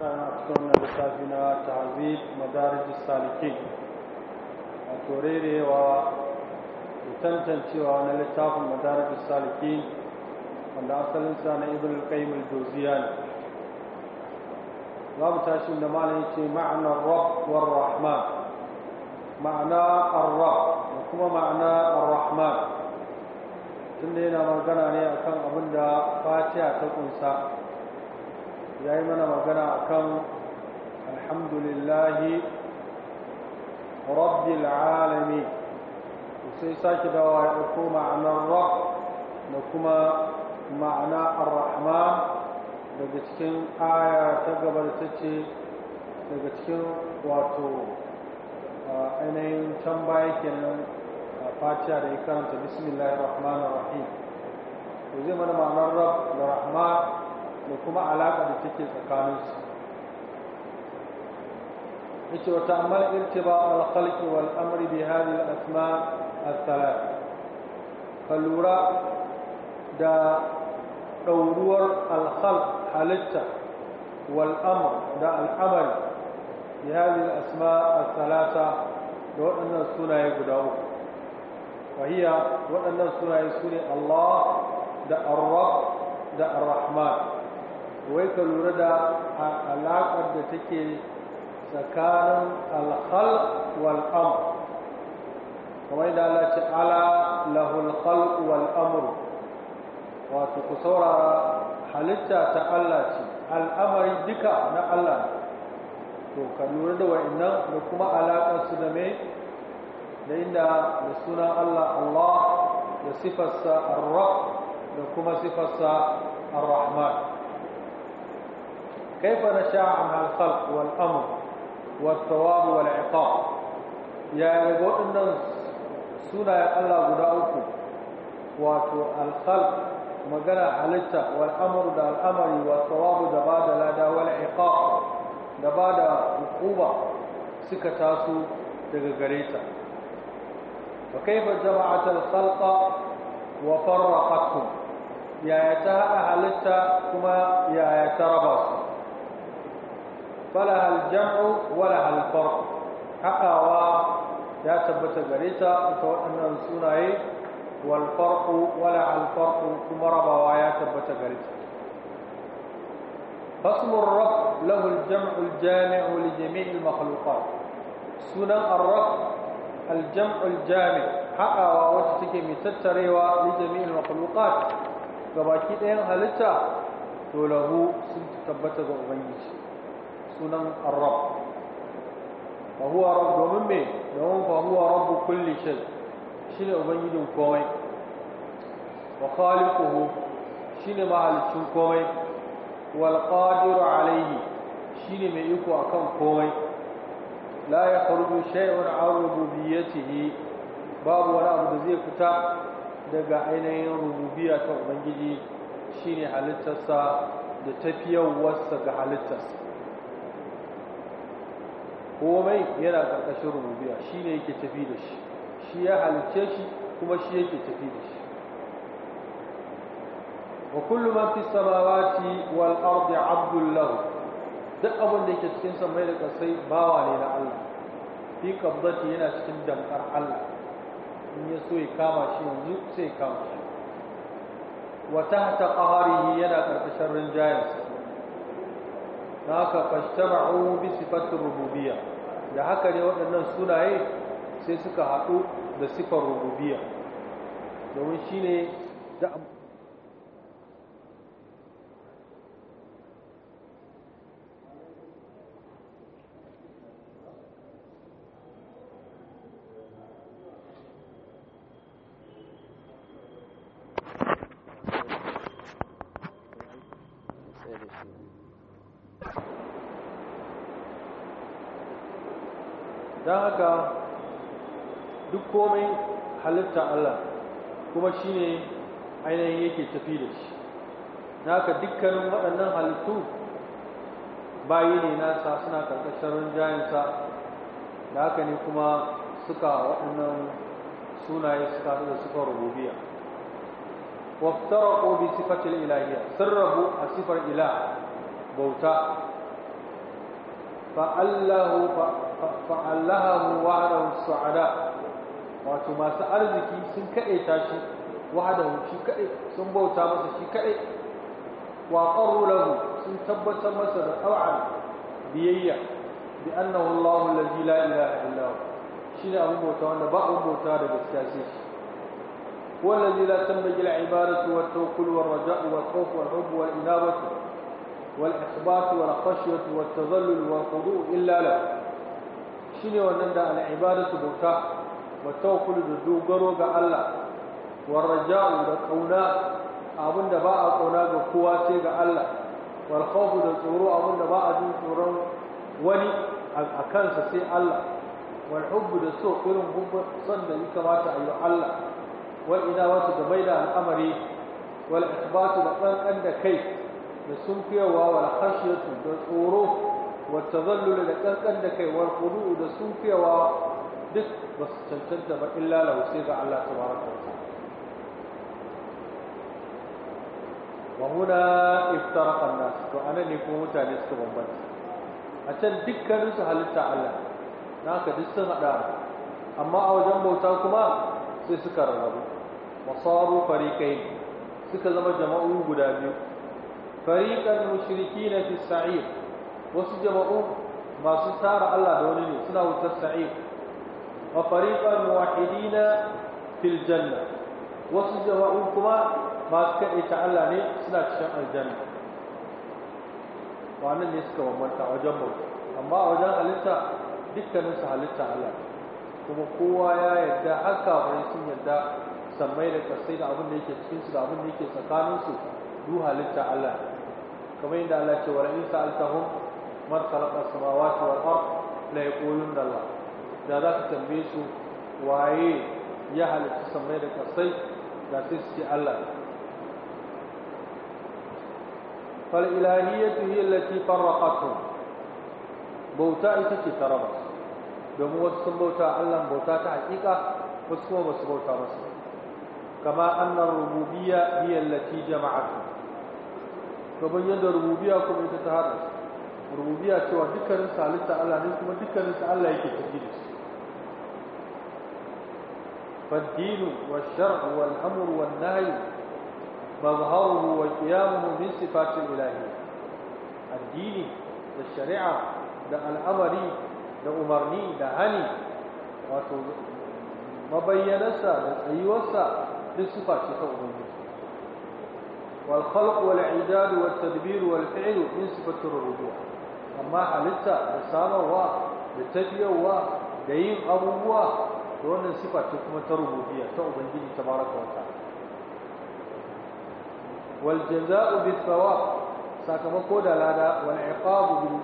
rana suna lissafi na ta'azib madarij salikin a torerewa da tantancewa na littafin madarij salikin wanda asalinsa na ibn al-qayyim al ne babu da malam ce ma'anar rabb war rahman ma'ana ar-rabb da kuma ma'ana ar-rahman tunda yana magana ne akan abin da fatiha ta kunsa ya yi mana magana akan alhamdulillahi rabbil alami sai sake dawa ya ɗauko ma'anar rab da kuma ma'ana ar-rahman daga cikin aya ta gaba da ce daga cikin wato ainihin can baya kenan fatiha da ya karanta bismillahir rahmanir rahim to zai mana ma'anar rab da rahma da kuma alaƙa da take tsakaninsu yace wa ta'ammal irtiba al-khalqi wal amri bi hadhihi al-asma al-thalath kalura da ɗauruwar al-khalq halitta wal amr da al-amali bi hadhihi al-asma al-thalatha da waɗannan sunaye guda uku wahiya waɗannan sunaye sune Allah da ar da ar-rahman wai ka lura da alaƙar da take tsakanin al-khalq wal kamar da Allah ce ala lahul khalq wal amr wato ku saurara halitta ta Allah ce al'amari duka na Allah to ka lura da wa'annan da kuma alaƙar da me da inda da sunan Allah Allah da sifarsa ar da kuma sifarsa الرحمن كيف نشاء عن الخلق والأمر والثواب والعقاب يا يقول إن سنة يا الله قدعوكم واتو الخلق مجنى حلتا والأمر دا الأمر والثواب دا بعد لا دا والعقاب دا بعد القوبة سكتاسو تغغريتا وكيف جمعت الخلق وفرقتهم yaya ta haɗa halitta kuma yaya ta raba su fala aljam'u wala alfarq haƙawa ya tabbata gare ta ita waɗannan sunaye wal farqu wala alfarq kuma rabawa ya tabbata gare ta فاسم الرب له الجمع الجامع لجميع المخلوقات سنن الرب الجمع الجامع حقا وتتكي من تتريوى لجميع المخلوقات baki ɗayan halitta to lahu sun tabbata ga ubangiji sunan arab fa huwa rabb domin me domin fa huwa rabbu kulli shay shine ubangijin komai wa khaliquhu ne mahaliccin komai wal qadiru alayhi ne mai iko akan komai la yakhruju shay'un an rububiyyatihi babu wani abu da zai fita daga ainihin rububiya ta ubangiji shine halittarsa da tafiyarwarsa ga halittarsa komai yana ƙarƙashin rububiya ne yake tafi da shi shi ya halicce shi kuma shi yake tafi da shi wa kullum man fi samawati wal ardi abdullahu duk abin da yake cikin samai da kasai bawa ne na Allah fi qabdati yana cikin dankar Allah in ya so ya kama shi yanzu sai ya kama shi wa tahta qaharihi yana su Na haka fashtama'u bi sifatir rububiya, da haka ne waɗannan sunaye sai suka haɗu da sifar rububiya. domin ne da don haka duk komai halitta Allah kuma shi ne ainihin yake tafi da shi na haka dukkanin waɗannan halittu bayi ne nasa suna karkashin rinjayensa da haka ne kuma suka waɗannan sunaye suka da suka rububiya rabu a sifar ila bauta. Ba Allahu ba. fa'allaha mu wa'adahu su'ada wato masu arziki sun kaɗe ta shi wa'adahu shi kaɗe sun bauta masa shi kaɗe wa qarru lahu sun tabbatar masa da tawa'an biyayya bi annahu Allahu allazi la ilaha illa hu shine abun bauta wanda ba abun bauta da gaskiya sai shi والذي لا تنبغي العبادة والتوكل والرجاء والخوف والحب والإنابة والإخبات والخشية والتذلل والخضوع إلا له shine wannan da al'ibadatu bauta wa tawakkulu da dogaro ga Allah wa raja'u da kauna abinda ba a kauna ga kowa sai ga Allah wal khawfu da tsoro abinda ba a jin tsoron wani a kansa sai Allah wal hubbu da so irin hubbu son da yake kamata a yi Allah wal inawatu da da al'amari wal ithbatu da kankan da kai da sunfiyawa wal khashiyatu da tsoro والتذلل لكنكن دكاي والخضوع لسوفيوا duk ba su cancanta ba illa lahu sai ga Allah tabaraka wa ta'ala wa huna iftaraqa an-nas ne ko mutane suka bambanta a can dukkanin su halitta Allah naka duk sun hada amma a wajen bauta kuma sai suka rarrabu suka zama jama'u guda biyu fariqan mushrikina fi wasu jama'u masu tara Allah da wani ne suna wutar sa'id wa fariqan muwahhidina fil janna wasu jama'u kuma masu kaɗe ta Allah ne suna cikin aljanna wannan ne suka bambanta wajen bauta amma a wajen halitta dukkanin su halitta Allah kuma kowa ya yarda haka bai sun yarda sammai da kasai da abin da yake cikin su da abin da yake tsakanin su du halitta Allah kamar yadda Allah ce wa ra'in sa'altahum Mar khalaqa samawati wal ard la yaquluna Allah da za ka tambaye su waye ya halitta samai da kasai da sai su ce Allah fal ilahiyatu hiya allati farraqatuhum bauta ita ce taraba, domin wasu sun bauta Allah bauta ta hakika wasu kuma ba su bauta masa kama annar rububiyya hiya allati jama'atuhum to ban yadda rububiyya kuma ita ta hada rububiya cewa dukkanin salita Allah ne kuma dukkanin sa Allah yake tafi da su فالدين والشرع والأمر والنهي مظهره وقيامه من صفات الإلهية الدين والشريعة ده الأمر ده أمرني ده هني mabayyanarsa da tsayuwarsa duk sufa ce ta ubangiji wal khalq wal i'dad wat tadbir wal fi'l min sifatir rububiyyah amma halitta da samarwa da tafiyarwa da yin abubuwa da wannan sifa ce kuma ta rububiyya ta ubangiji ta wa ta'ala wal jazaa'u bis thawab sakamako da lada wal iqabu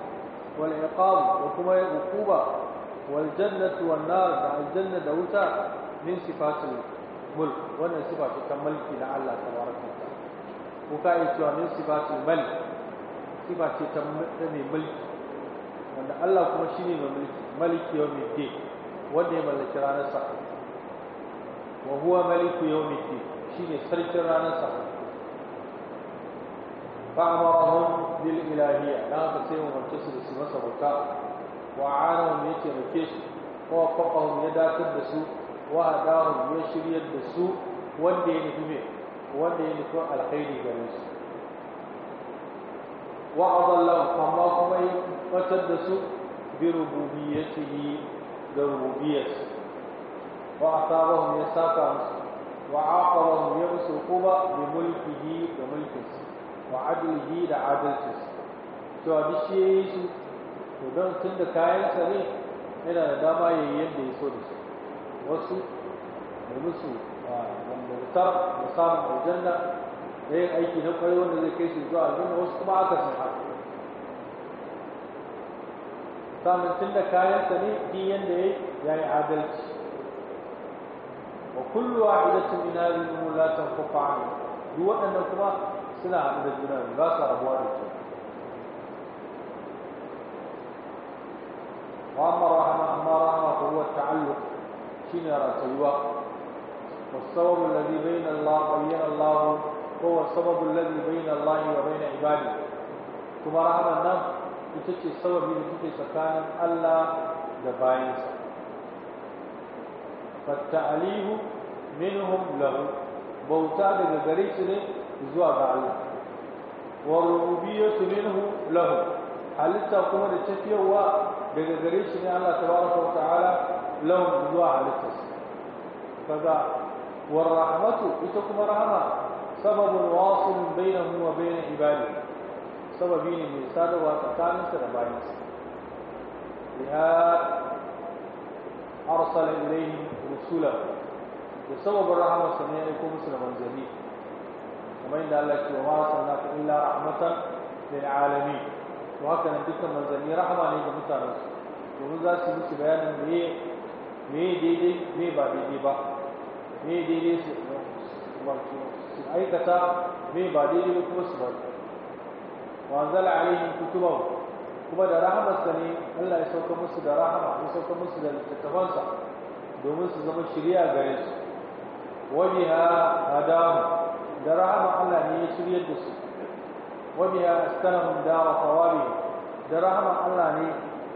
wal iqabu da kuma hukuba wal jannatu wan nar da aljanna da wuta min sifatul mulk wannan sifa ce ta mulki da Allah ta wa ta'ala ko yi cewa min sifatul malik sifa ce ta mai mulki wanda Allah kuma shi ne mai mulki maliki yau mai wanda ya mallaki ranar sa wa huwa maliku yau mai shi ne sarkin ranar sa fa amarahum bil ilahiyya na haka sai mace su da su masa bauta wa anahum ya taimake shi wa faqahum ya dakar da su wa hadahum ya shiryar da su wanda ya nufi wanda ya nufi alkhairi gare su wa adallahu amma kuma ya batar da su bi rububiyyatihi ga rububiyyarsa wa asabahum ya saka musu wa aqabahum ya musu kuma bi mulkihi da mulkinsa wa adlihi da adalcinsa to abin shi ya yi su to don tun da kayansa ne yana da dama ya yi yadda ya so da su wasu da musu wanda ta musamman aljanna da yin aiki na kwarai wanda zai kai shi zuwa aljanna wasu kuma aka sun haka samun tun da kayansa ne bi yanda ya ya yi adalci wa kullu ina min hadhihi la tanqutu an duk waɗannan kuma suna haɗu da juna za su rabuwa da juna وأما رحمة أما رحمة فهو التعلق شنر سواء والصور الذي بين الله بين الله هو السبب الذي بين الله وبين عباده كما رحمة النام يتكي السبب الذي تكي سكان الله دبائنس فالتعليه منهم له بوتا دغريس ne zuwa ga Allah wa rububiyyatu minhu lahu halitta kuma da tafiyawa daga gare shi ne Allah tabaraka wa ta'ala lahu zuwa halitta rahmatu ita kuma rahama sababun wasilun bainahu wa bain ibadihi sababi ne mai sadarwa tsakaninsa da bayansa biha arsala ilayhim rusulahu da sababin rahamarsa ne ya aiko musu da manzanni kamar yadda Allah ke wa sanna ka illa rahmatan lil alamin to haka nan dukkan manzanni rahama ne ga mutanen su domin za su musu bayanin me me daidai me ba daidai ba me daidai su wato su aikata me ba daidai kuma su bari wanzala alaihim kutubahu kuma da rahamarsa ne Allah ya sauka musu da rahama ya sauka musu da littattafansa domin su zama shirya gare su wabiha hadahu da rahama Allah ne ya shiryar da su wabiha astanahum da wa thawabi da rahama Allah ne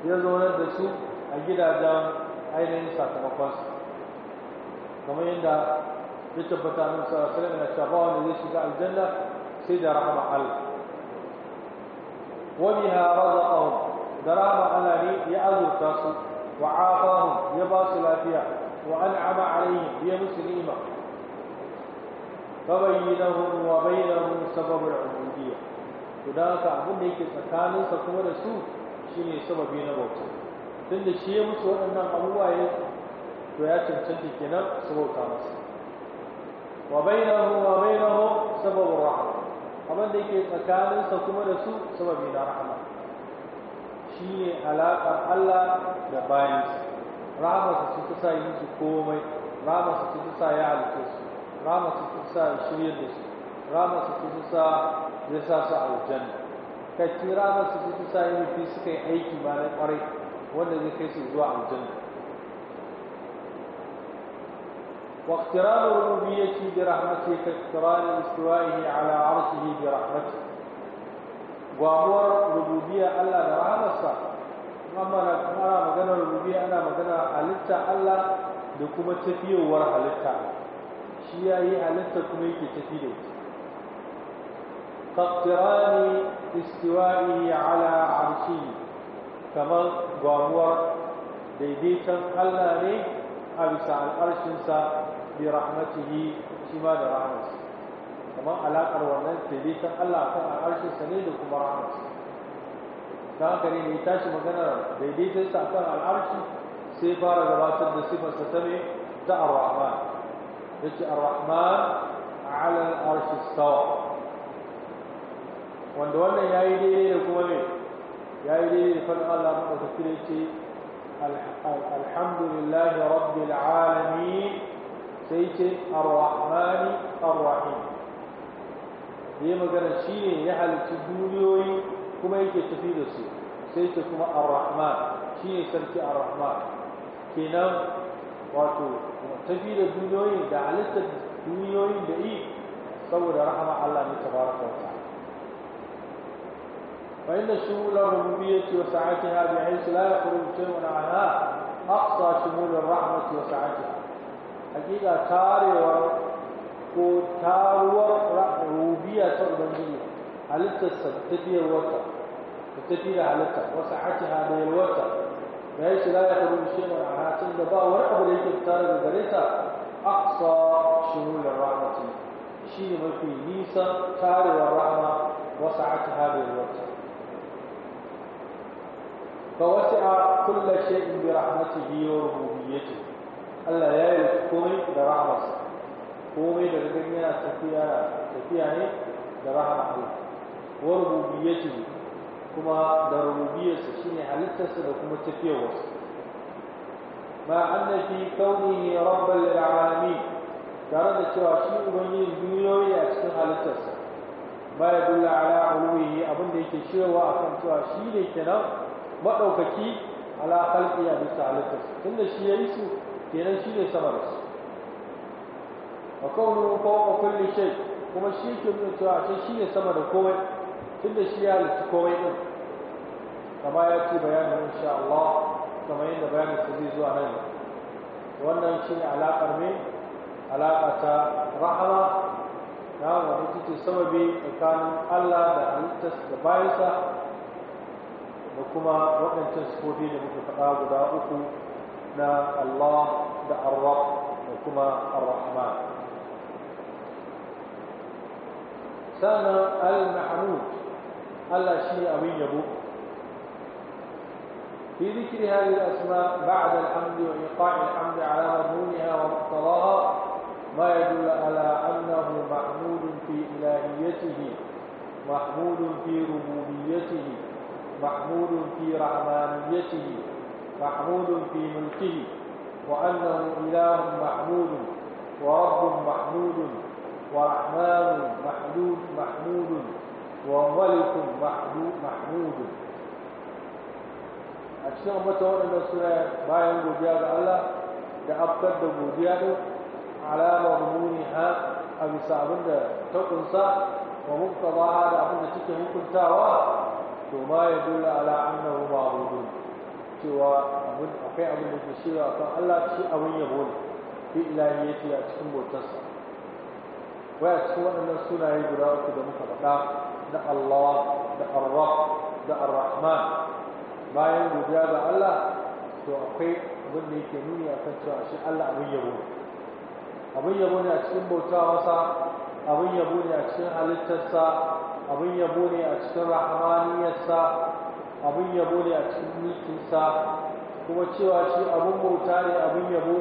ya zaunar da su a gidajen ainihin sakamakon su. kamar yadda ya tabbata min sallallahu alaihi wasallam cewa ba shiga aljanna sai da rahama Allah wa biha razaqahum da rahama Allah ne ya azurta su wa afahum ya ba lafiya wa an'ama alaihim ya musu ni'ima فبينهم وبينهم سبب العبودية وذاك abin da yake tsakaninsa kuma da su shine sababi na bauta tunda shi ya musu waɗannan abubuwa ya to ya cancanta kenan su bauta wa bainahu wa bainahum sababur rahma abin da yake tsakaninsa kuma da su sababi na rahma ne alaƙar Allah da bayansa rahmarsa su ta sa yi su komai rahmarsa su ta sa ya halitta su rahmarsa su ta sa shiryar da su rahmarsa su ta sa ya sa su aljanna kai rahmarsa su ta sa yi fi suka yi aiki ba na kwarai wanda zai kai su zuwa aljanna واقتران ربوبيته برحمته كاقتران استوائه على عرشه برحمته وامور ربوبية الله برحمته amma na ana magana rububiya ana magana halitta Allah da kuma tafiyowar halitta shi yayi halitta kuma yake tafi da ita taqtirani istiwa'i ala arshi kamar gwamuwar daidaiton Allah ne a bisa al'arshinsa bi rahmatihi shi ma da rahmatsa kamar alaƙar wannan fifikan Allah kan al'arshin sa ne da kuma rahmatsa don haka ne mai tashi magana daidaiton sa kan al'arshi sai fara gabatar da sifarsa ta ne ta ar-rahman yace ar-rahman ala al-arshi sawa wanda wannan yayi daidai da kuma ne yayi daidai da fadin Allah madaukakin yace alhamdulillahi rabbil alamin sai ce ar-rahmani ar-rahim yayi magana shine ya halitta duniyoyi kuma yake tafi da su sai ce kuma ar-rahman shine sarki ar-rahman kenan wato tafi da duniyoyin da halitta duniyoyin da yi saboda rahama Allah ne tabaraka wa ta'ala فإن شمول الربوبية وسعتها بعيسى لا يخرج شيء عنها أقصى شمول الرحمة وسعتها حقيقة تاري ورق كتار ورق روبية تعبنجية على التسد تدير ورق التدير على التسد وصحتها من الورق بحيث لا يخرج شيء من عهات النباء ورق بليك التاري بذلك أقصى شمول الرحمة شيء ملكي نيسا تاري ورحمة وصحتها من الورق فوسع كل شيء برحمته وربوبيته Allah ya yi komai da rahamarsa komai da gani yana tafiya tafiya ne da rahamar Allah wa rububiyyati kuma da rububiyyarsa shine halittarsa da kuma tafiyarsa ma anna fi kaunihi rabbal alamin tare da cewa shi ubangiji duniyoyi a cikin halittarsa ba ya dula ala uluhi abin da yake cewa akan cewa shi ne kenan maɗaukaci ala khalqi ya bisa halittarsa tunda shi ya yi su kenan shi ne sama da su a kawunin kowa kulli shai kuma shi ke nuna cewa a shi ne sama da komai tun da shi ya halitta komai ɗin kama ya ce bayanin insha Allah kama yadda bayanin su zai zuwa nan wannan shi ne alaƙar mai alaƙa ta rahama na wani sama sababi tsakanin Allah da halittarsa da bayansa da kuma waɗancan sufofi da muka faɗa guda uku na الله da Ar-Rab da kuma Ar-Rahman sana al-mahmud في ذكر هذه الأسماء بعد الحمد وإيقاع الحمد على مضمونها ومقتضاها ما يدل على أنه محمود في إلهيته محمود في ربوبيته محمود في رحمانيته محمود في ملكه وأنه إله محمود ورب محمود ورحمن محمود محمود وملك محمود محمود أكثر ما تقول أن السنة باين جوديا الله لأبتد على مضمونها أبي سعبن تقن سا ومقتضاها لأبن تكن تاوى ثم يدل على أنه معبود cewa akwai abin da ke a kan Allah shi abin yabo ne fi ya yake a cikin bautarsa waya cikin waɗannan sunaye guda uku da muka faɗa na Allah da Allah da Arrahman bayan godiya ga Allah to akwai abin da yake nuni a kan cewa shi Allah abin yabo ne abin yabo ne a cikin bauta masa abin yabo ne a cikin halittarsa abin yabo ne a cikin rahmaniyarsa abin yabo ne a cikin mulkinsa kuma cewa shi abin bauta ne abin yabo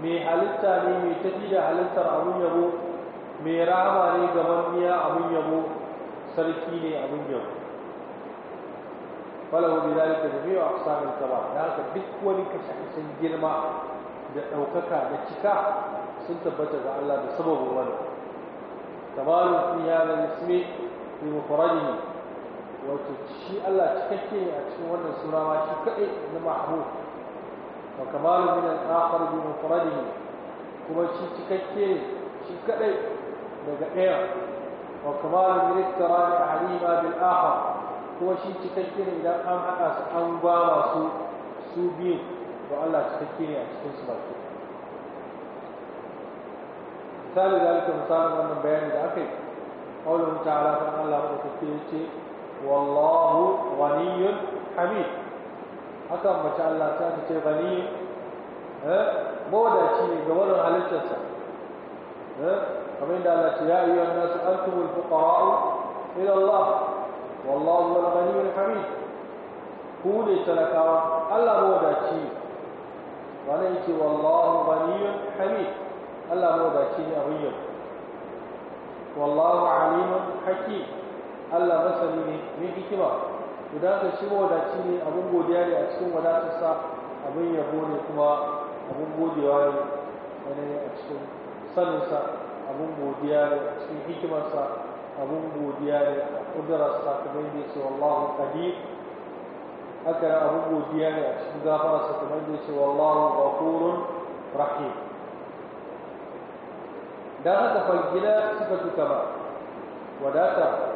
mai halitta ne mai tafi da halittar abin yabo mai rama ne gaban miya abin yabo sarki ne abin yabo falahu bi zalika a samun kamal da haka duk wani kashe kashen girma da ɗaukaka da cika sun tabbata ga Allah da sababin wani. tabarun fi hadha al-ismi wato shi Allah cikakke ne a cikin wannan surawa shi kadai na mahmud wa kamalu min al-akhar bi mufradihi kuma shi cikakke shi kadai daga daya wa kamalu min al-tarani alima bil akhar kuma shi cikakke ne idan an hada su an ba su su biyu to Allah cikakke ne a cikin su baki misali da alka misalin wannan bayani da aka yi Allah قوله تعالى فقال الله ce. wallahu ghaniyyun hamid haka mace Allah ta ce ghani eh mawadaci ne ga wannan halittarsa eh kamar da Allah ce ya ayyuhan nas antumul fuqara'u ila Allah wallahu wal ghaniyyul hamid ku ne talakawa Allah mawadaci wannan yake wallahu ghaniyyun hamid Allah mawadaci ne a yau wallahu alimun hakim Allah masani ne mai hikima Ku da ka shi wadaci ne abin godiya ne a cikin wadatarsa abin yabo ne kuma abin godewa ne a cikin saninsa abin godiya ne a cikin hikimarsa abin godiya ne a ƙudurarsa kamar yadda ya ce wallahu qadir haka abin godiya ne a cikin gafararsa kamar yadda ya ce wallahu ghafurun rahim Da haka fa suka tuka ba wadatar.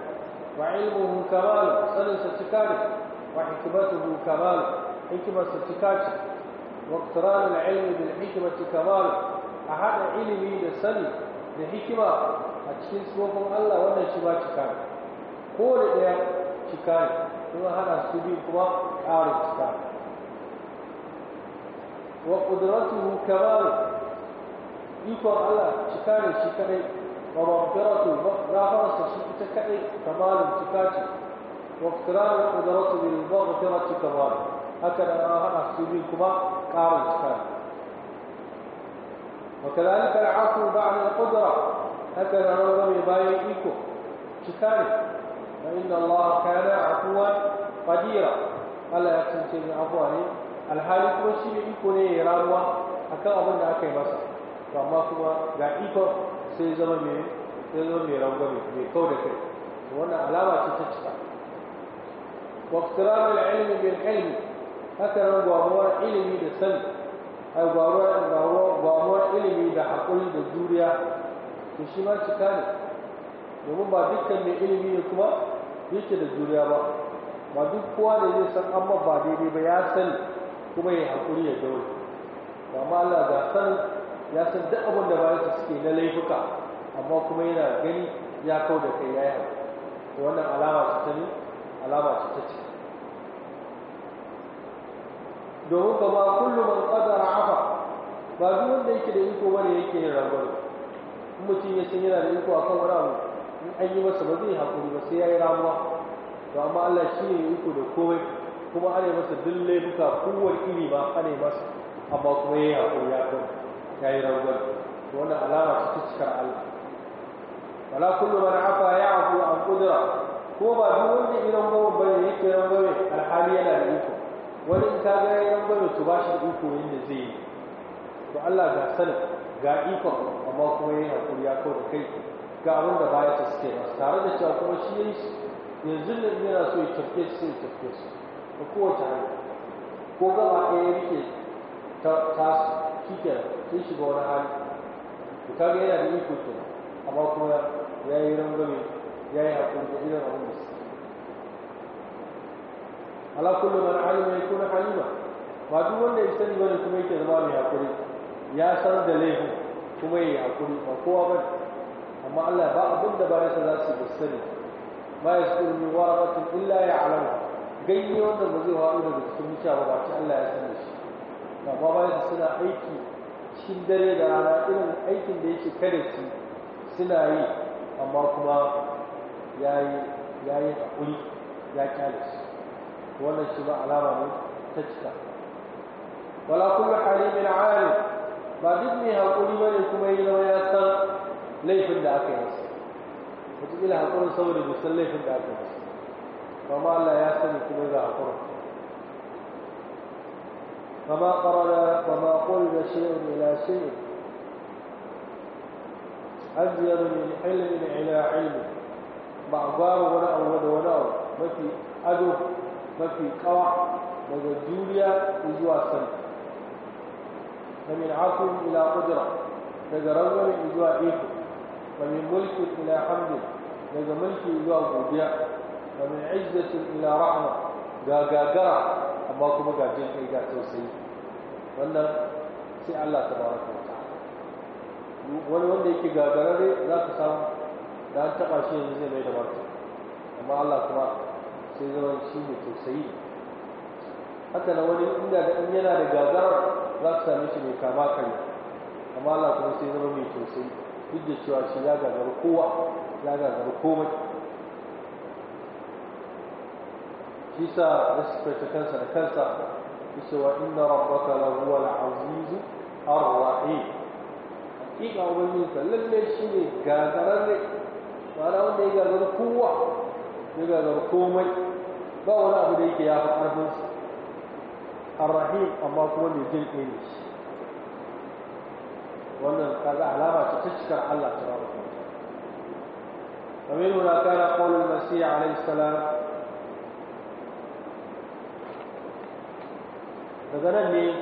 وعلمه كمال سنن ستكاري وحكمته كمال حكمة ستكاري واقتران العلم بالحكمة كمال أحد علمي لسني لحكمة أتشين سوكم الله وانا شبا تكاري قول إياه تكاري ثم هذا قوة عارف تكاري وقدرته كمال يقول الله تكاري تكاري ومغفرة مغفرة تكعي كمال امتكاتي واقتران القدرة بالمغفرة كمال هكذا أنا كما كار امتكاتي وكذلك العفو بعد القدرة هكذا نظم يبايعكم كتاني فإن الله كان عفوا قديرا ألا يقسم سيدنا عفواني الحالي كما سيدنا يكون يراموا حتى أظن أكي بسر to amma kuma ga ikon sai zama mai sai zama mai rangwame mai kau da kai wannan alama ce ta cika واقتران العلم haka nan gwamuwar ilimi da sani ai gwamuwar ilimi da haƙuri da juriya to shi ma cika ne domin ba dukkan mai ilimi ne kuma yake da juriya ba ba duk kowa da zai san amma ba daidai ba ya sani kuma ya haƙuri ya daure amma Allah ga sanin ya san duk abin da bayan suke na laifuka amma kuma yana gani ya kau da kai ya yi to wannan alama ce ta alama ce ta ce domin ka ba kullum man qadara afa ba duk wanda yake da iko wani yake yin rangwame in mutum ya san yana da iko kan wani abu in an yi masa ba zai hakuri ba sai ya yi ramuwa to amma Allah shi ne iko da komai kuma ana masa duk laifuka kowar iri ba ana masa amma kuma ya yi hakuri ya kai ta yi rangwar wannan alama ta cikar Allah wala kullu man afa ya'fu an qudra ko ba duk wanda irin gowon bane yake rangwame alhali yana da iko wani in ka ga ya rangwame to ba shi iko yinda zai yi to Allah ga sanin ga iko amma kuma yayi hakuri ya kawo kai ga abin da baya ta suke ba tare da cewa kuma shi yayi yanzu ne yana so ya tafke shi ya tafke shi ko ta ko ga ba ɗaya yake ta tasu cikin sun shiga wani hali to kaga yana da iko ke amma kuma ya yi rangwame ya yi hakuri da irin abin da su ala kullu man alima kuna halima ba duk wanda ya sani wani kuma yake zama mai hakuri ya san da laifin kuma ya yi hakuri ba kowa ba amma Allah ba abin da bayan sa za su yi sani ba ya su yi wa illa ya alama ganye wanda ba zai wa'u da su mutuwa ba ce Allah ya sani shi gaba bayan suna aiki cikin dare da rana irin aikin da yake kare su suna yi amma kuma ya yi haƙuri ya kyale su wannan shi ba alama ne ta cika wala kullu halimin ari ba duk mai haƙuri ba ne kuma yi zama ya san laifin da aka yi su, wata ila haƙurin saboda musan laifin da aka yi su amma Allah ya sani kuma za haƙurin فما قرن فما قرن شيء الى شيء أزيد من علم الى علم بعضاه ولا أول ولا ما في أدب ما في قوع daga juriya zuwa sani فمن عصر إلى قدرة daga rangwame zuwa ومن ملك الى حمد من ملك يجوا godiya ومن عزه الى رحمه ga gagara amma kuma ga jin kai ga tausayi wannan sai Allah ta bawa wa wani wanda yake gagarare za ka samu da an taɓa shi yanzu zai mai da martani amma Allah kuma sai zama shi ne tausayi haka na wani inda da in yana da gagara za ka same shi mai kama kare amma Allah kuma sai zama mai tausayi duk da cewa shi ya gagara kowa ya gagara komai shi sa ya suka kansa da kansa cewa inna rabbaka lahuwa al-azizu ar-rahim hakika wani lalle shine gagararre ba da wanda ya gazar kowa ya gazar komai ba wani abu da yake ya fi ƙarfin su ar-rahim amma kuma ne jin ne shi wannan kaga alama ta cikar Allah tabaraka wa ta'ala kamar yana kana qaulul masih alayhi salam مثلا مين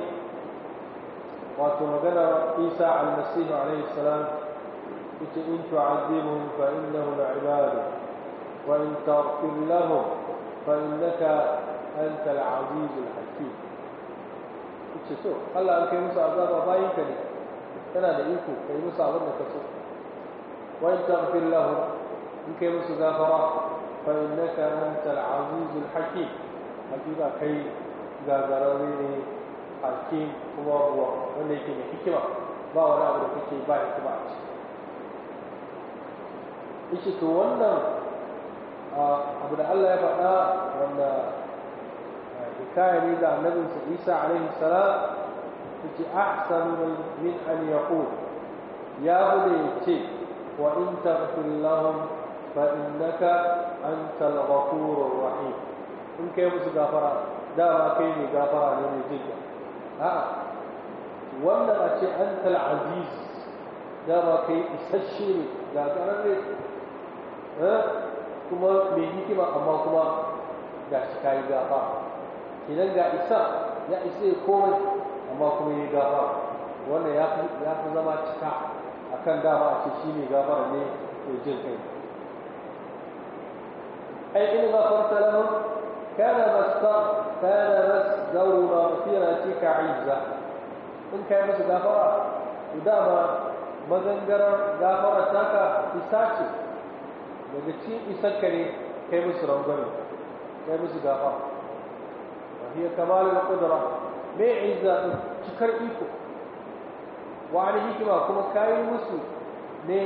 وتمغنا عيسى المسيح عليه السلام إن تعذبهم فإنهم عباد وإن تغفر لهم فإنك أنت العزيز الحكيم تشو هل أنت موسى عبد الله كان أنا دعيكو كي موسى عبد وإن تغفر لهم إن كي موسى فإنك أنت العزيز الحكيم حكيم كي gagararre ne kuma ruwa wanda yake da hikima ba wani abu da kake ba hikima a ciki ishi to wannan abu da Allah ya faɗa wanda hikaya ne da annabinsa Isa alaihi salam yace ahsanu min an yaqul ya hude yace wa in taghfir lahum fa innaka antal ghafurur rahim in kai musu gafara dama kai ne gafara ne mai jinka a'a wanda a ce antal aziz dama kai isasshe ne ga ƙararre eh, kuma mai hikima amma kuma ga shi kayi gafara idan ga isa ya isa ya komai amma kuma ya gafara wannan ya fi zama cika kan dama a ce shi ne gafara ne mai jirgin ai ina ba gafarta lahum كان مستر كان دور مغفرتك عزة إن كان مصدر غفرة وداما مغنغرة غفرة تاكا إساكي لغتي إسكري كي مصدر غفرة كي مصدر غفرة وهي كمال القدرة ما عزة تكر إيكو وعن هكما كما كاي مسلم ne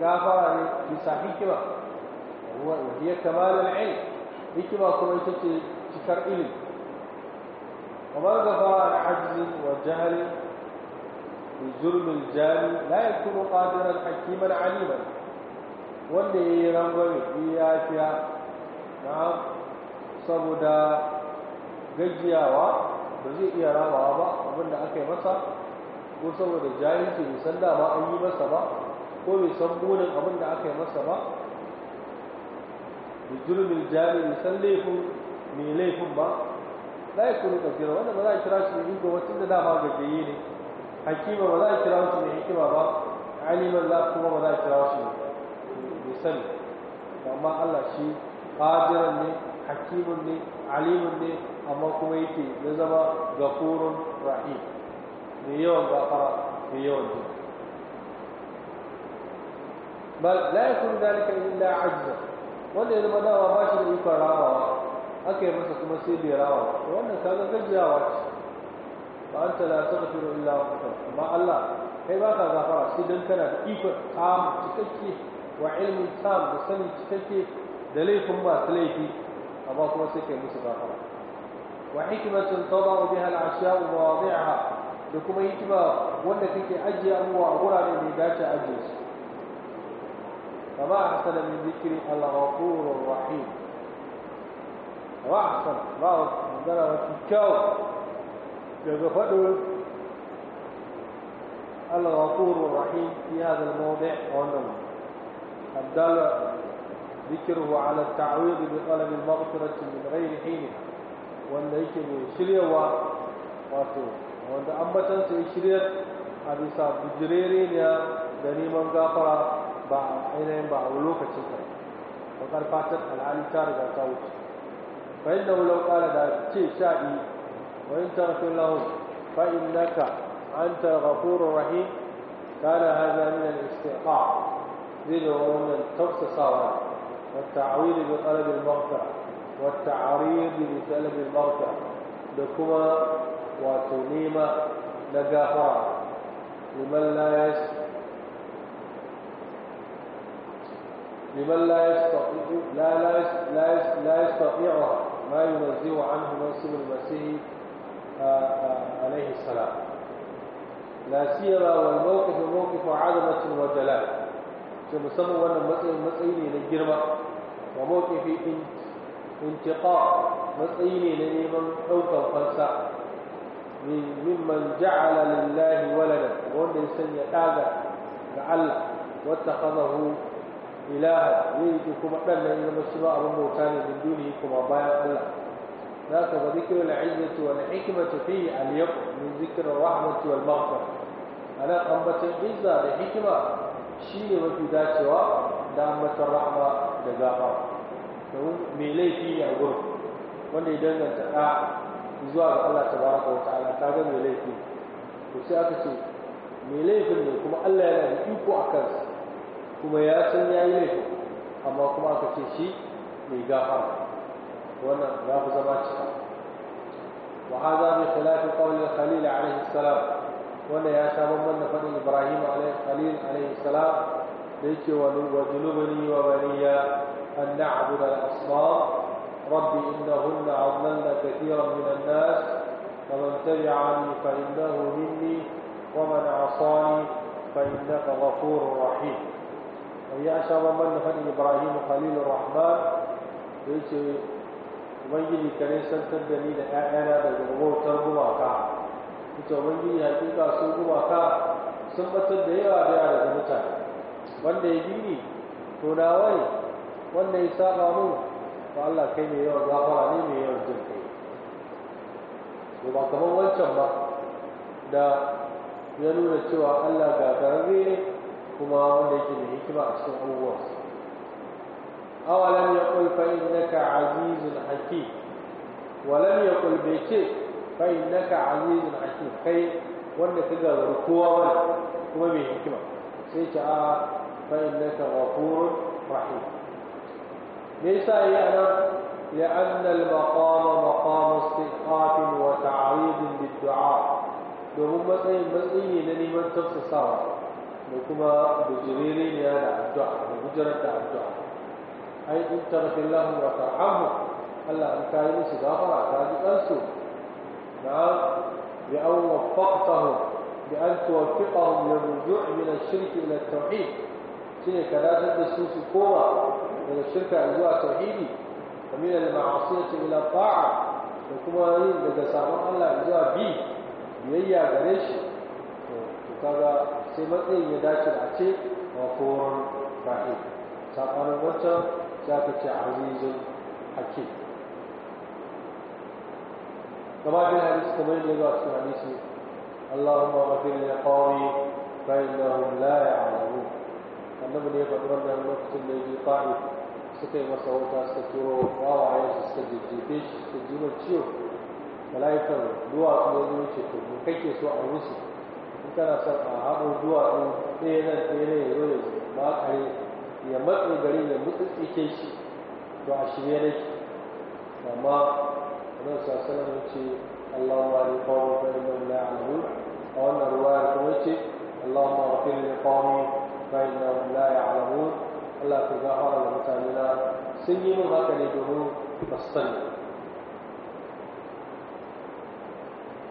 gafara ne bisa hikima وهي كمال العلم hikima kuma ita ce cikar ilimi kamar gaba an ajizin wa jahali bi jurmin jari la yakunu qadiran hakiman aliman wanda yayi rangwame yafiya na saboda gajiyawa ba zai iya ramawa ba abinda aka yi masa ko saboda jahilci bai san ba an yi masa ba ko mai san burin abinda aka yi masa ba bijirmin jami'in san laifin mai laifin ba a yi kuri kafira wanda ba za a kira shi mai ba wasu da dama jayi ne hakima ba za a kira shi mai hikima ba aliman za kuma ba za a kira shi mai sani amma Allah shi qadiran ne hakimun ne alimun ne amma kuma yake ya zama gafurun rahim mai yawan gafara mai yawan jini بل لا يكون ذلك إلا عجزا wanda ya zama dawa ba shi da ikon rawawa aka yi masa kuma sai bai rawa wannan kaga gajiyawa ce ba an tala saka tafi illa wata amma Allah kai ba ka zafara sai dan kana da ikon tam cikakke wa ilmin tam da sanin cikakke da laifin masu laifi amma kuma sai kai musu zafara wa hikmatin tadau biha al-ashya'u mawadi'aha da kuma hikima wanda kake ajiye abubuwa a gurare mai ya dace ajiye su فما أحسن من ذكر الغفور الرحيم فما أحسن الله أنزل وتكاو جزفته الغفور الرحيم في هذا الموضع ونوم الدل ذكره على التعويض بطلب المغفرة من غير حينها والذيك بيشريا واتوه وأن أمتا سيشريت أبي صاحب جريرين يا بني من غافرة ba ainihin ba a lokacin ta bakar fatar al'ali ta riga ta wuce fa inda wulau kala da ce sha'i wa in tarafin lahu fa innaka anta ghafurur rahim kana hadha min al-istiqa zai da wannan tafsasawa wa ta'awil bi talab al-maghfira wa ta'arid bi talab al-maghfira da kuma wato nema na gafara liman la yasha لمن لا يستطيع لا لا لا, لا يستطيعها ما ينزه عنه منصب المسيح آه، آه، عليه السلام لا سيما والموقف موقف عظمة ودلالة كمسمى وانا مسألة مسألة للجرمة وموقف انتقاء مسألة لمن أوكى الفلسة ممن جعل لله ولدا وان يسن يتاغى لعل واتخذه ilaha zai yi kuma dan nan zama shi ba abin bauta ne min duniya kuma bayan Allah ذاك وذكر العزة والحكمة فيه اليقظ من ذكر da hikima shi قمت العزة لحكمة da وفي ذات سواء دامة الرحمة لذاقا فهم ميلي فيه أغرب wanda ya danganta a zuwa ga Allah tabaraka wa ta'ala ta ga mai laifi to sai aka ce mai laifin ne kuma Allah yana da iko a kansa kuma ya san ya yi laifi amma kuma aka ce shi mai gafara wannan ya fi zama cika wa hada bi khilafi qawli khalil alaihi salam wannan ya sha bamban da fadin ibrahim alaihi khalil alaihi salam da yake wa junubani wa baniya an na'budu al-asnam رب إنهن أضللن كثيرا من الناس فمن تبعني فإنه مني ومن عصاني فإنك غفور رحيم أو يا شاء الله من Ibrahim إبراهيم Rahman الرحمن يجي ubangiji ka nisantar da ni da ‘ya'yana daga bautar gumaka ita ya hakika su gumaka sun batar da yawa da yawa daga mutane wanda ya gini to na wanda ya saba mu to Allah kai mai yawan gafara ne mai yawan jin kai to kamar wancan ba da ya nuna cewa Allah gagararre ne كما ولجن هكما أسوء الله أولم يقل فإنك عزيز حكيم ولم يقل بيتي فإنك عزيز حكيم خير وأنك تقدر قوة ولا كما به هكما سيجعى آه فإنك غفور رحيم ليس أيانا يعني لأن المقام مقام استقاف وتعريض بالدعاء ومن مسئل مسئل لمن تبصصار da kuma bujirere ne da addu'a da gujarar da addu'a ai in tarfillahu wa ta'amu Allah an kai musu gafara ta ji ɗansu. na bi an waffaqtahu bi an tuwaffiqahum lil ruju' min ash-shirk ila at-tauhid shine karatar da su su koma daga shirka zuwa tauhidi ومن da kuma yin daga sabon Allah zuwa إذا biyayya gare shi kaga sai matsayin ya dace da ce a koron baki saɓanin wata za ka ce azizin hake kama ji hadisi kamar da zuwa cikin hadisi Allahumma wa fi ya kawai bayan da hun laye a wani annabi ne faɗi wanda ya lokacin da ya ji fa'i suka yi masa wuta suka turo wawaye su suka jijjefe shi suka jimar ciwo mala'ikan duwatsu ne ne ce kai ke so a rusu in kana son a haɗo zuwa in ɗaya nan ɗaya nan ya yi ya ba kare ya matsa gari ya mutsutsi ke shi to a shirye da shi amma nan sasana ya ce Allah ma ni kawo ta na mai na'a da a wannan ruwa ya kuma ce Allah ma ka ne kawo ni ta yi na wani na'a da Allah ka zahara da mutane na sun yi mun haka ne domin ba sani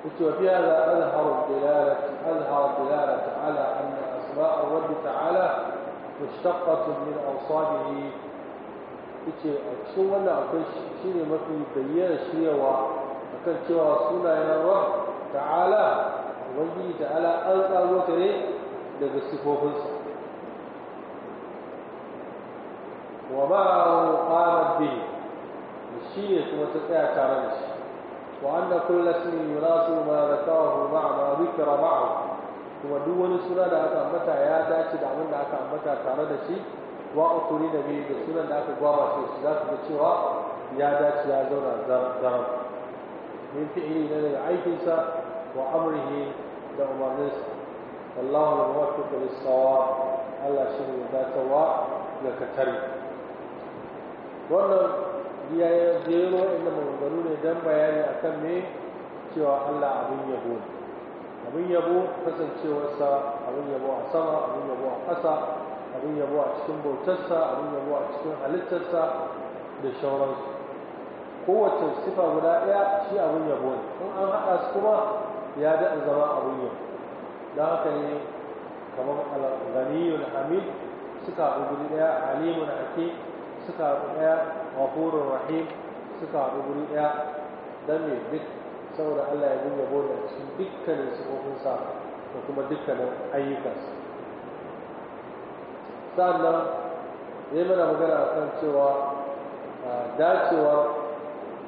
قلت وفي هذا أظهر الدلالة أظهر الدلالة على أن أسماء الرب تعالى مشتقة من أوصافه yace a cikin wannan akwai shi ne mafi bayyana shiryawa a kan cewa sunayen rab ta'ala ubangiji ta'ala an tsaro ta ne daga sifofinsa wa ma'ahu qama bihi shi ne kuma ta tsaya tare da shi وأن كل اسم يناسب ما ذكره مع ما ذكر معه هو دون سنة لا تعمتها يا داتش دعونا تعمتها كاردشي وأطولين به بسنة لا تقوى في السلاف بسوى يا داتش يا زونا زرم من فعله لنا العيد إنسا وأمره دعما نس الله موفق للصواء الله شنو ذا توا لكتري وأنا ya zero inda maganganu ne don bayani akan ne cewa Allah abin yabo abin yabo kasancewarsa abin yabo a sama abin yabo a ƙasa abin yabo a cikin bautarsa abin yabo a cikin halittarsa da shauransu kowace sifa guda ɗaya shi abin yabo ne in an haɗa su kuma ya daɗa zama abin yabo don haka ne kamar al-ghaniyul hamid suka haɗu guri ɗaya alimun hakim suka haɗu ɗaya ghafurur rahim suka haɗu guri ɗaya dan ne duk saboda Allah ya dinga bone a cikin dukkanin sa da kuma dukkanin ayyukansa sannan ya mana magana a kan cewa dacewa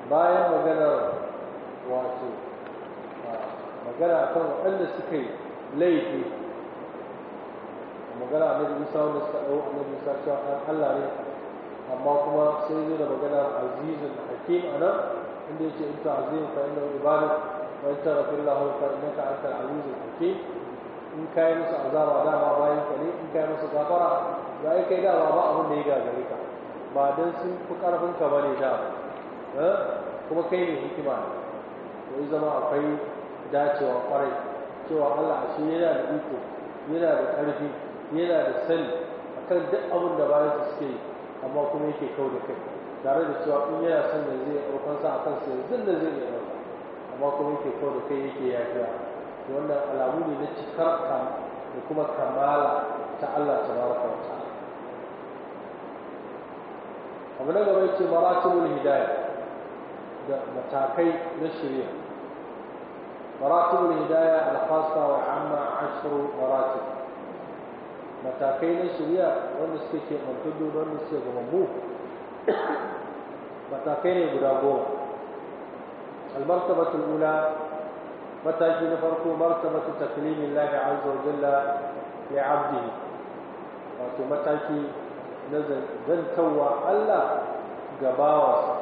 bayan maganar wato magana a kan waɗanda suka yi laifi magana a nabi isa wanda suka ɗau a nabi isa cewa Allah ne amma kuma sai zai da magana azizun hakim a nan inda yake in ta azim fa inna ibada wa in ta ka anta azizun hakim in kai musu azaba dama bayan ka ne in kai musu gafara za ka kai dama ba abin da ya gagare ka ba dan sun fi karfin ka bane da eh? kuma kai ne hikima ne zama akwai dacewa kwarai cewa Allah shi yana da iko yana da ƙarfi yana da sani akan duk abin da bayan su suke yi amma kuma yake kau da kai tare da cewa in yana son da zai ɗaukan sa akan sa yanzu da zai yi ɗauka amma kuma yake kau da kai yake yafiya to wannan alamu ne na cikar kam da kuma kamala ta Allah ta wa ta'ala abu na gaba yace maratibul Hidaya da matakai na shirya maratibul Hidaya al-khassa wa amma 10 maratib matakai na shirya wanda suke ke mantudu wanda suke gamammu matakai ne guda goma almartabatul ula mataki na farko martabatu taklimin lahi azza wa jalla li abdihi wato mataki na zantawa Allah ga bawansa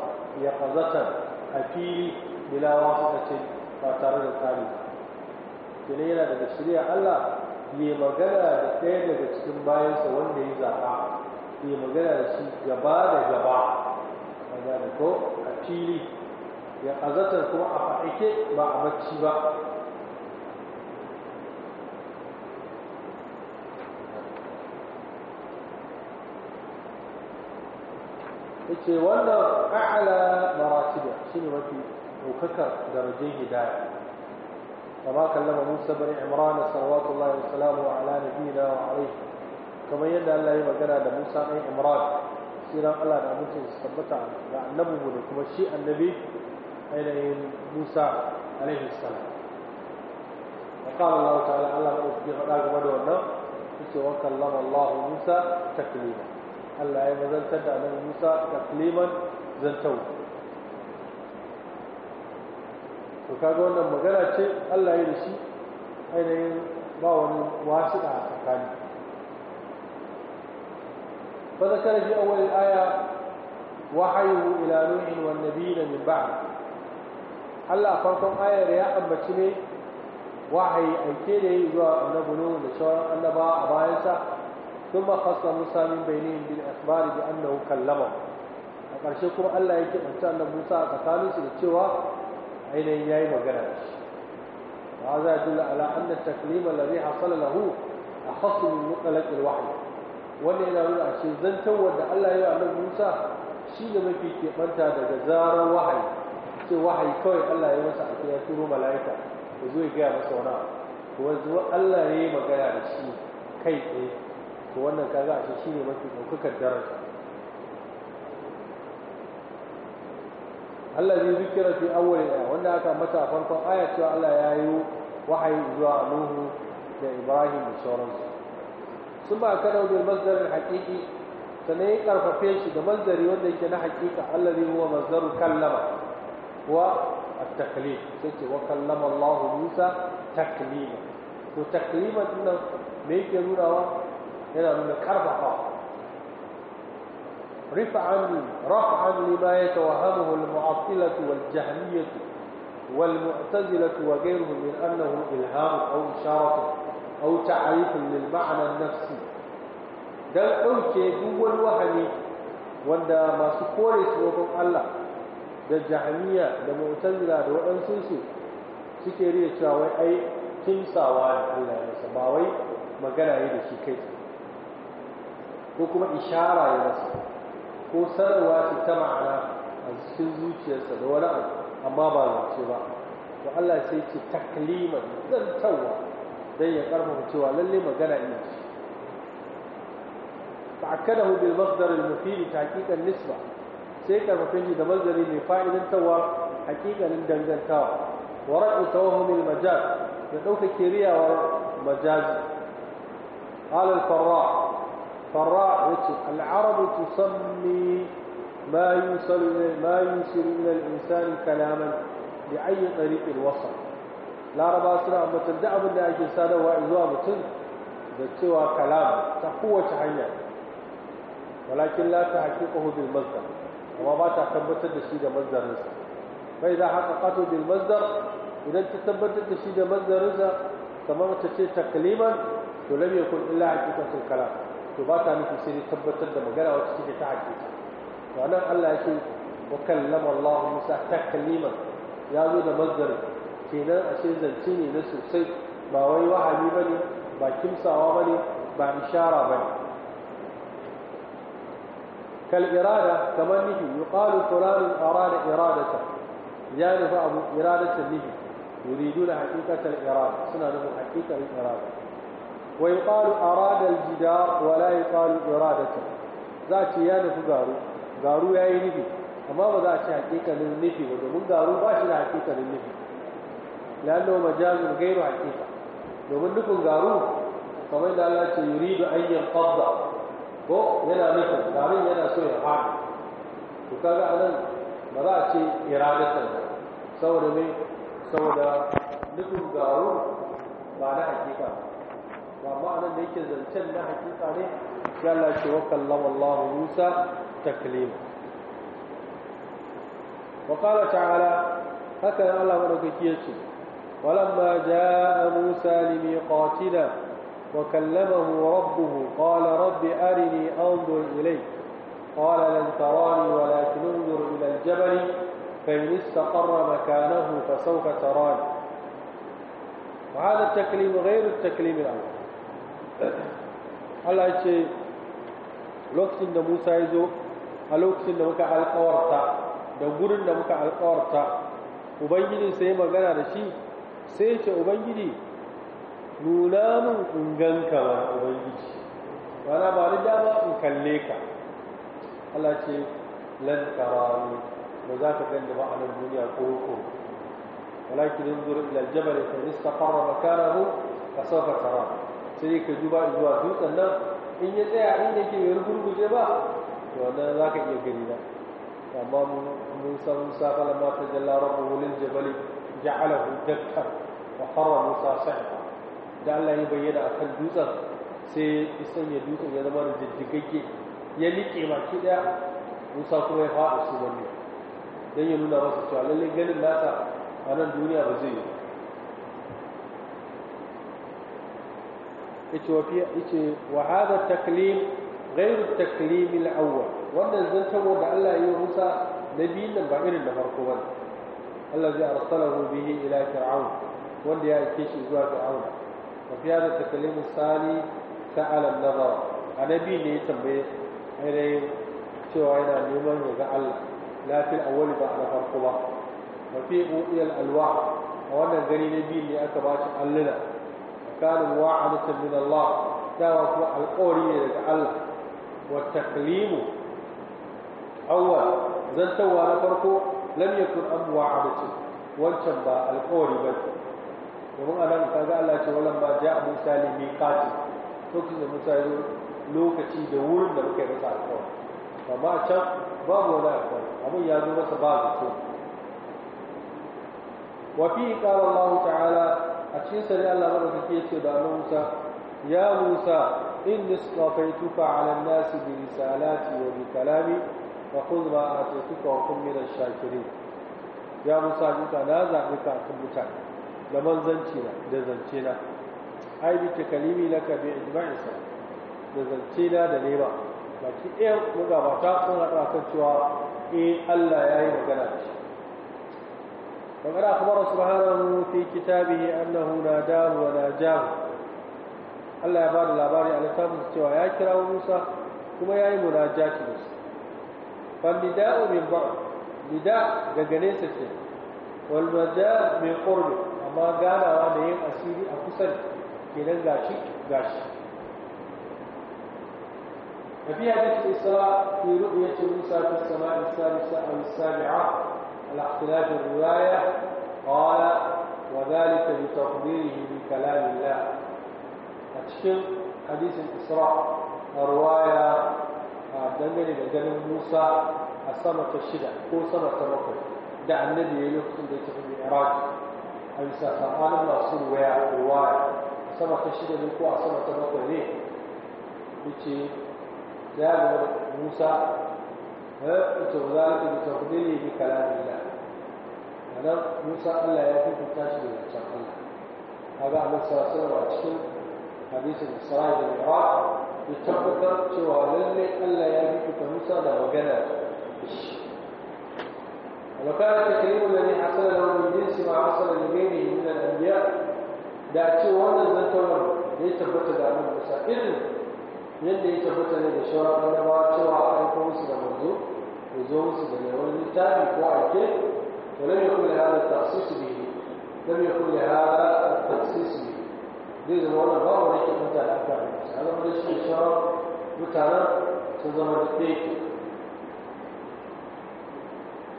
ya kazata a fili bila ce ba tare da tsari kenan yana daga shirya Allah Yi magana da ɗaya daga cikin bayansa wanda ya zaɓa ya magana da shi gaba da gaba a da ko a fili ya azatar kuma a faɗake ba a bacci ba yace wannan da maratiba shine mafi ɗaukakar darajar hidaya كما كلم موسى بن عمران صلوات الله وسلامه على نبينا وعليه كما يدى الله يمكنا دا موسى بن عمران سيرا الله نعمل موسى استبتع دا النبو كما شيء النبي أين موسى عليه السلام وقال الله تعالى الله أبقي غلاق مدونا وكلم الله موسى تكليما الله يمزل تدعى موسى تكليما زلتوه to kaga wannan magana ce Allah ya yi shi ainihin ba wani wasiƙa a tsakani فذكر في أول الآية ila إلى نوح nabiyina min بعد Allah a farkon ayar ya ambaci ne wahayi aike da yi zuwa annabi Nuhu da sauran annaba a bayansa sun ba fasa Musa min bainihim bil akhbari bi annahu kallama a ƙarshe kuma Allah ya ke annabi Musa a tsakaninsu da cewa ainihin ya yi magana da shi ba za a jula ala an da taklima lari a lahu a hasu min wahayi wanda yana nuna a ce zantawar wanda Allah ya yi a nan Musa shi ne mafi keɓanta daga zarar wahayi ce wahayi kawai Allah ya masa a ya turo mala'ika ya zo ya gaya masa wani abu Allah ya yi magana da shi kai tsaye Ko wannan kaga a ce shi ne mafi ɗaukakar daraja allazi zikira fi awwalin aya wanda aka mata farkon aya cewa Allah ya yi wahayi zuwa Nuhu da Ibrahim da sauransu sun ba ka bil masdar haqiqi sannan ya karfafe shi da masdari wanda yake na haqiqa allazi huwa masdaru kallama wa at-taklif sai wa kallama Allah Musa taklima to taklima nan me yake nunawa yana nuna karfafa. rifa'an raf'an lima yatawahhamuhu al-mu'attilah wal-jahmiyah wal-mu'tazilah wa ghayruhum min annahu ilham aw isharah aw ta'rif lil ma'na an-nafsi dal dauke duwan wahani wanda masu kore tsokon Allah da jahmiya da mu'tazila da wadansu su suke riya cewa wai ai kinsawa da Allah ne magana ne shi kai ko kuma isharar ya masa ko sanarwa ce ta ma'ana a cikin zuciyarsa da wani abu amma ba zance ba to Allah sai ce takliman zantawa dan ya karfafa cewa lalle magana ne ta'akkadahu bil masdar al mufid tahqiqan nisba sai karfafin shi da mazari mai fa'idantawa haƙiƙanin dangantawa wa ra'u tawahum al majaz da dauka kiriyawar majazi qala al farra فالراء العرب تسمي ما يوصل ما يوصل إلى الإنسان كلاما بأي طريق الوصل لا ربا سنة أمتن دعب الله أجل سادة وإذوا متن بسوى كلام تقوى تحيا ولكن لا تحقيقه بالمصدر وما بات تثبت تشيد مصدر نسا فإذا حققته بالمصدر إذا تثبت الشيء مصدر نسا تمام تشيد تكليما فلم يكن إلا حقيقة الكلام كتباتها مثل سيدي تبت الدم وقال او تسيدي تعجز وانا قال لها شيء وكلم الله موسى تكليما يا ولد مصدر كنا اشي زنتيني نسو سي ما وي وحدي با كمسا وابني با مشارة بني كالإرادة كما يقال فلان أراد إرادة يعني فأبو إرادة نجي يريدون حقيقة الإرادة سنعلم حقيقة الإرادة wa yuqalu arada al-jidar wa la yuqalu iradatu za ce ya nufi garu garu ya yi nufi amma ba za a ce haƙiƙanin nufi ba domin garu ba shi da haƙiƙanin nufi lallo majazun gairu haƙiƙa, domin nufin garu kamar da Allah ce yuridu an yanqadda ko yana nufin garun yana so ya fadi to kaga nan ba za a ce ba, saboda me saboda nufin garu ba na haƙiƙa. ba معنى ليك زلتنا حقيقة عليه قال لا الله موسى تكليما وقال تعالى هكذا الله ونكيك يسو ولما جاء موسى لميقاتنا وكلمه ربه قال رب أرني أنظر إليك قال لن تراني ولكن انظر إلى الجبل فإن استقر مكانه فسوف تراني وهذا التكليم غير التكليم الأول Allah ce lokacin da Musa ya zo a lokacin da muka alkawarta da gurin da muka alkawarta ubangiji sai magana da shi sai ce ubangiji nuna min unganka ba ubangiji wana ba da dama in kalle ka Allah ce lan tarani ba za ka gani ba a nan duniya ko ko walakin yanzur ila jabal fa istaqarra makanahu fa sawfa tarani sai ka duba zuwa dutsen nan in ya tsaya inda yake yi gurguje ba to wannan za ka iya gari na amma mun san musa Kala ma ta jalla rabu wulin jabali ja'alahu dakka wa fara musa sai da Allah ya bayyana kan dutsen sai isan ya dutsen ya zama da jijjigagge ya liƙe baki daya musa kuma ya faɗa su wani don ya nuna masa cewa lallai ganin nasa a nan duniya ba zai yi yace ita fi yace wa hada taklim ghayr taklim al Wannan zan tabo da Allah ya yi rusa na nabiyin nan ba irin na farko bane Allah zai arsalahu bihi ila fir'aun wanda ya aike shi zuwa fir'aun wa fi hada taklim sani sa'ala A na annabi ne ya tambaye ainihin cewa yana neman ya ga Allah la fil awwal ba na farko ba wa fi uqiyal alwa a wannan gari na biyu ne aka ba shi alluna كان وعدة من الله دعوة القولية لك والتكليم أول زنت ونفرك لم يكن أم وعدة وانشبا القول بل ومن أنا فقال الله ولما جاء موسى لميقاته فكذا موسى lokaci da wurin da muka yi masa alƙawari amma a can babu wani alƙawari abin ya zo masa ba zato wa fi qala Allah ta'ala a cikin sa Allah madaukaki ya ce da Musa ya Musa inni istafaituka ala an-nas bi risalati wa bi kalami wa khudh ma atituka wa kun min ash-shakirin ya Musa duka na zabi ka kan mutane da manzanci na da zance na ai bi kalimi ka bi ijma'isa da zance na da ki baki ba ta sun haɗa kan cewa eh Allah ya yi magana da shi وقد أخبر سبحانه في كتابه أنه ناداه وناجاه الله يبارك الله باري على تابوس سوى يا كراو موسى كما يا مناجات موسى فالنداء من بعد نداء جنسته والمجاء من قرب أما قال وأنا يم أسيري أكسر كنا غاشي غاشي ففي هذه الإسراء في رؤية موسى في السماء السادسة أو السابعة على اختلاف الرواية قال وذلك بتقديره بكلام الله أتشكر حديث الإسراء الرواية دمني آه، بجنب موسى السنة الشدة كل سنة سنوك دع النبي يلوك عند يتخذ الإعراج أبي ساسا أنا من أصول ويا الرواية السنة الشدة لكو السنة سنوك ليه بيتي موسى وذلك بتقديره بكلام الله هذا موسى الله يكون تاشد من الله هذا عمل صلى الله عليه وسلم حديث الإسراء بالعراق يتفكر شو للي ألا يملك موسى ده وجنا وكان التكريم الذي حصل له من جنس ما حصل لغيره من الأنبياء ده شو وانا زنتور ليتفكر ده موسى إذن yadda ya tabbata ne da shawarar annabawa cewa a aiko musu da manzo ya zo musu da mai wani littafi ko ake to lam yakun li hada taqsis bihi lam yakun li hada taqsis bihi zai zama wannan ba wani ke mutane a kan a zama da shi shawarar mutanen sun zama da ɗaya ke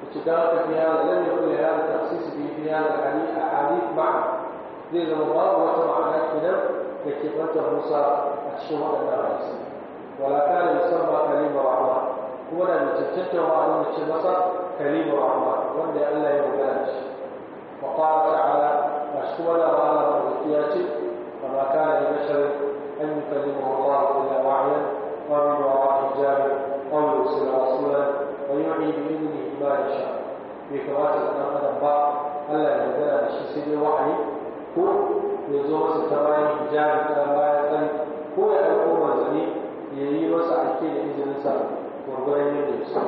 اتدارك في هذا لم يكن لهذا تخصيص به في هذا الحديث احاديث معه زي ما الله وتبع على كده لكن انت مصاب سورة الناس ولا كان يسمى كريم الرحمن هو ده متتتر وعلم الشمسة كريم الرحمن وده ألا يبلاش وقال تعالى أشكونا وعلى مرضياتي وما كان لبشر أن يكلمه الله إلا وعيا ومن وراء حجاب أو يرسل رسولا ويوحي بإذنه ما يشاء في كراسة أن أنباء ألا يبلاش سيدي وحي هو يزور ستماني حجاب ألا ما يسلم ko ya ɗauko masu ne ya yi masa ake da izinin sa gwagwarai ne da su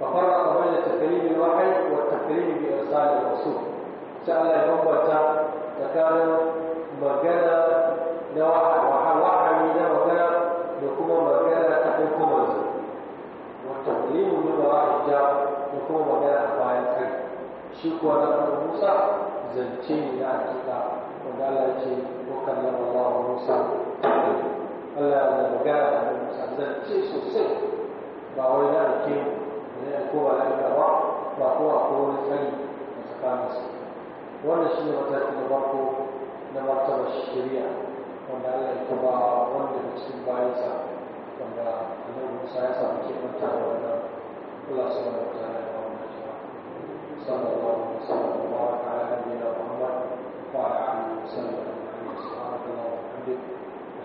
ba fara abin da takari mai wa takari biyar sa da wasu ta Allah ya bambata tsakanin magana na wahayi na magana da kuma magana ta ɗauko masu wa takari mai nuna wahayi da da kuma magana bayan kai shi kuwa na ɗan Musa zance ne na hakika wanda Allah ya ce wakannan Allah wa Musa Allah ya zama gara da ce sosai ba wai na rike ne ko kowa na ba ba kowa ko wani tsari a tsakanin su wannan shi ne mataki na farko na martaba shirya wanda Allah ya taba wanda da cikin bayansa wanda annabi Musa ya samu kimanta da wannan Allah subhanahu wa da ya ba mu nasara sallallahu alaihi wasallam wa baraka ala nabiyina Muhammad wa ala alihi wa sahbihi wa sallam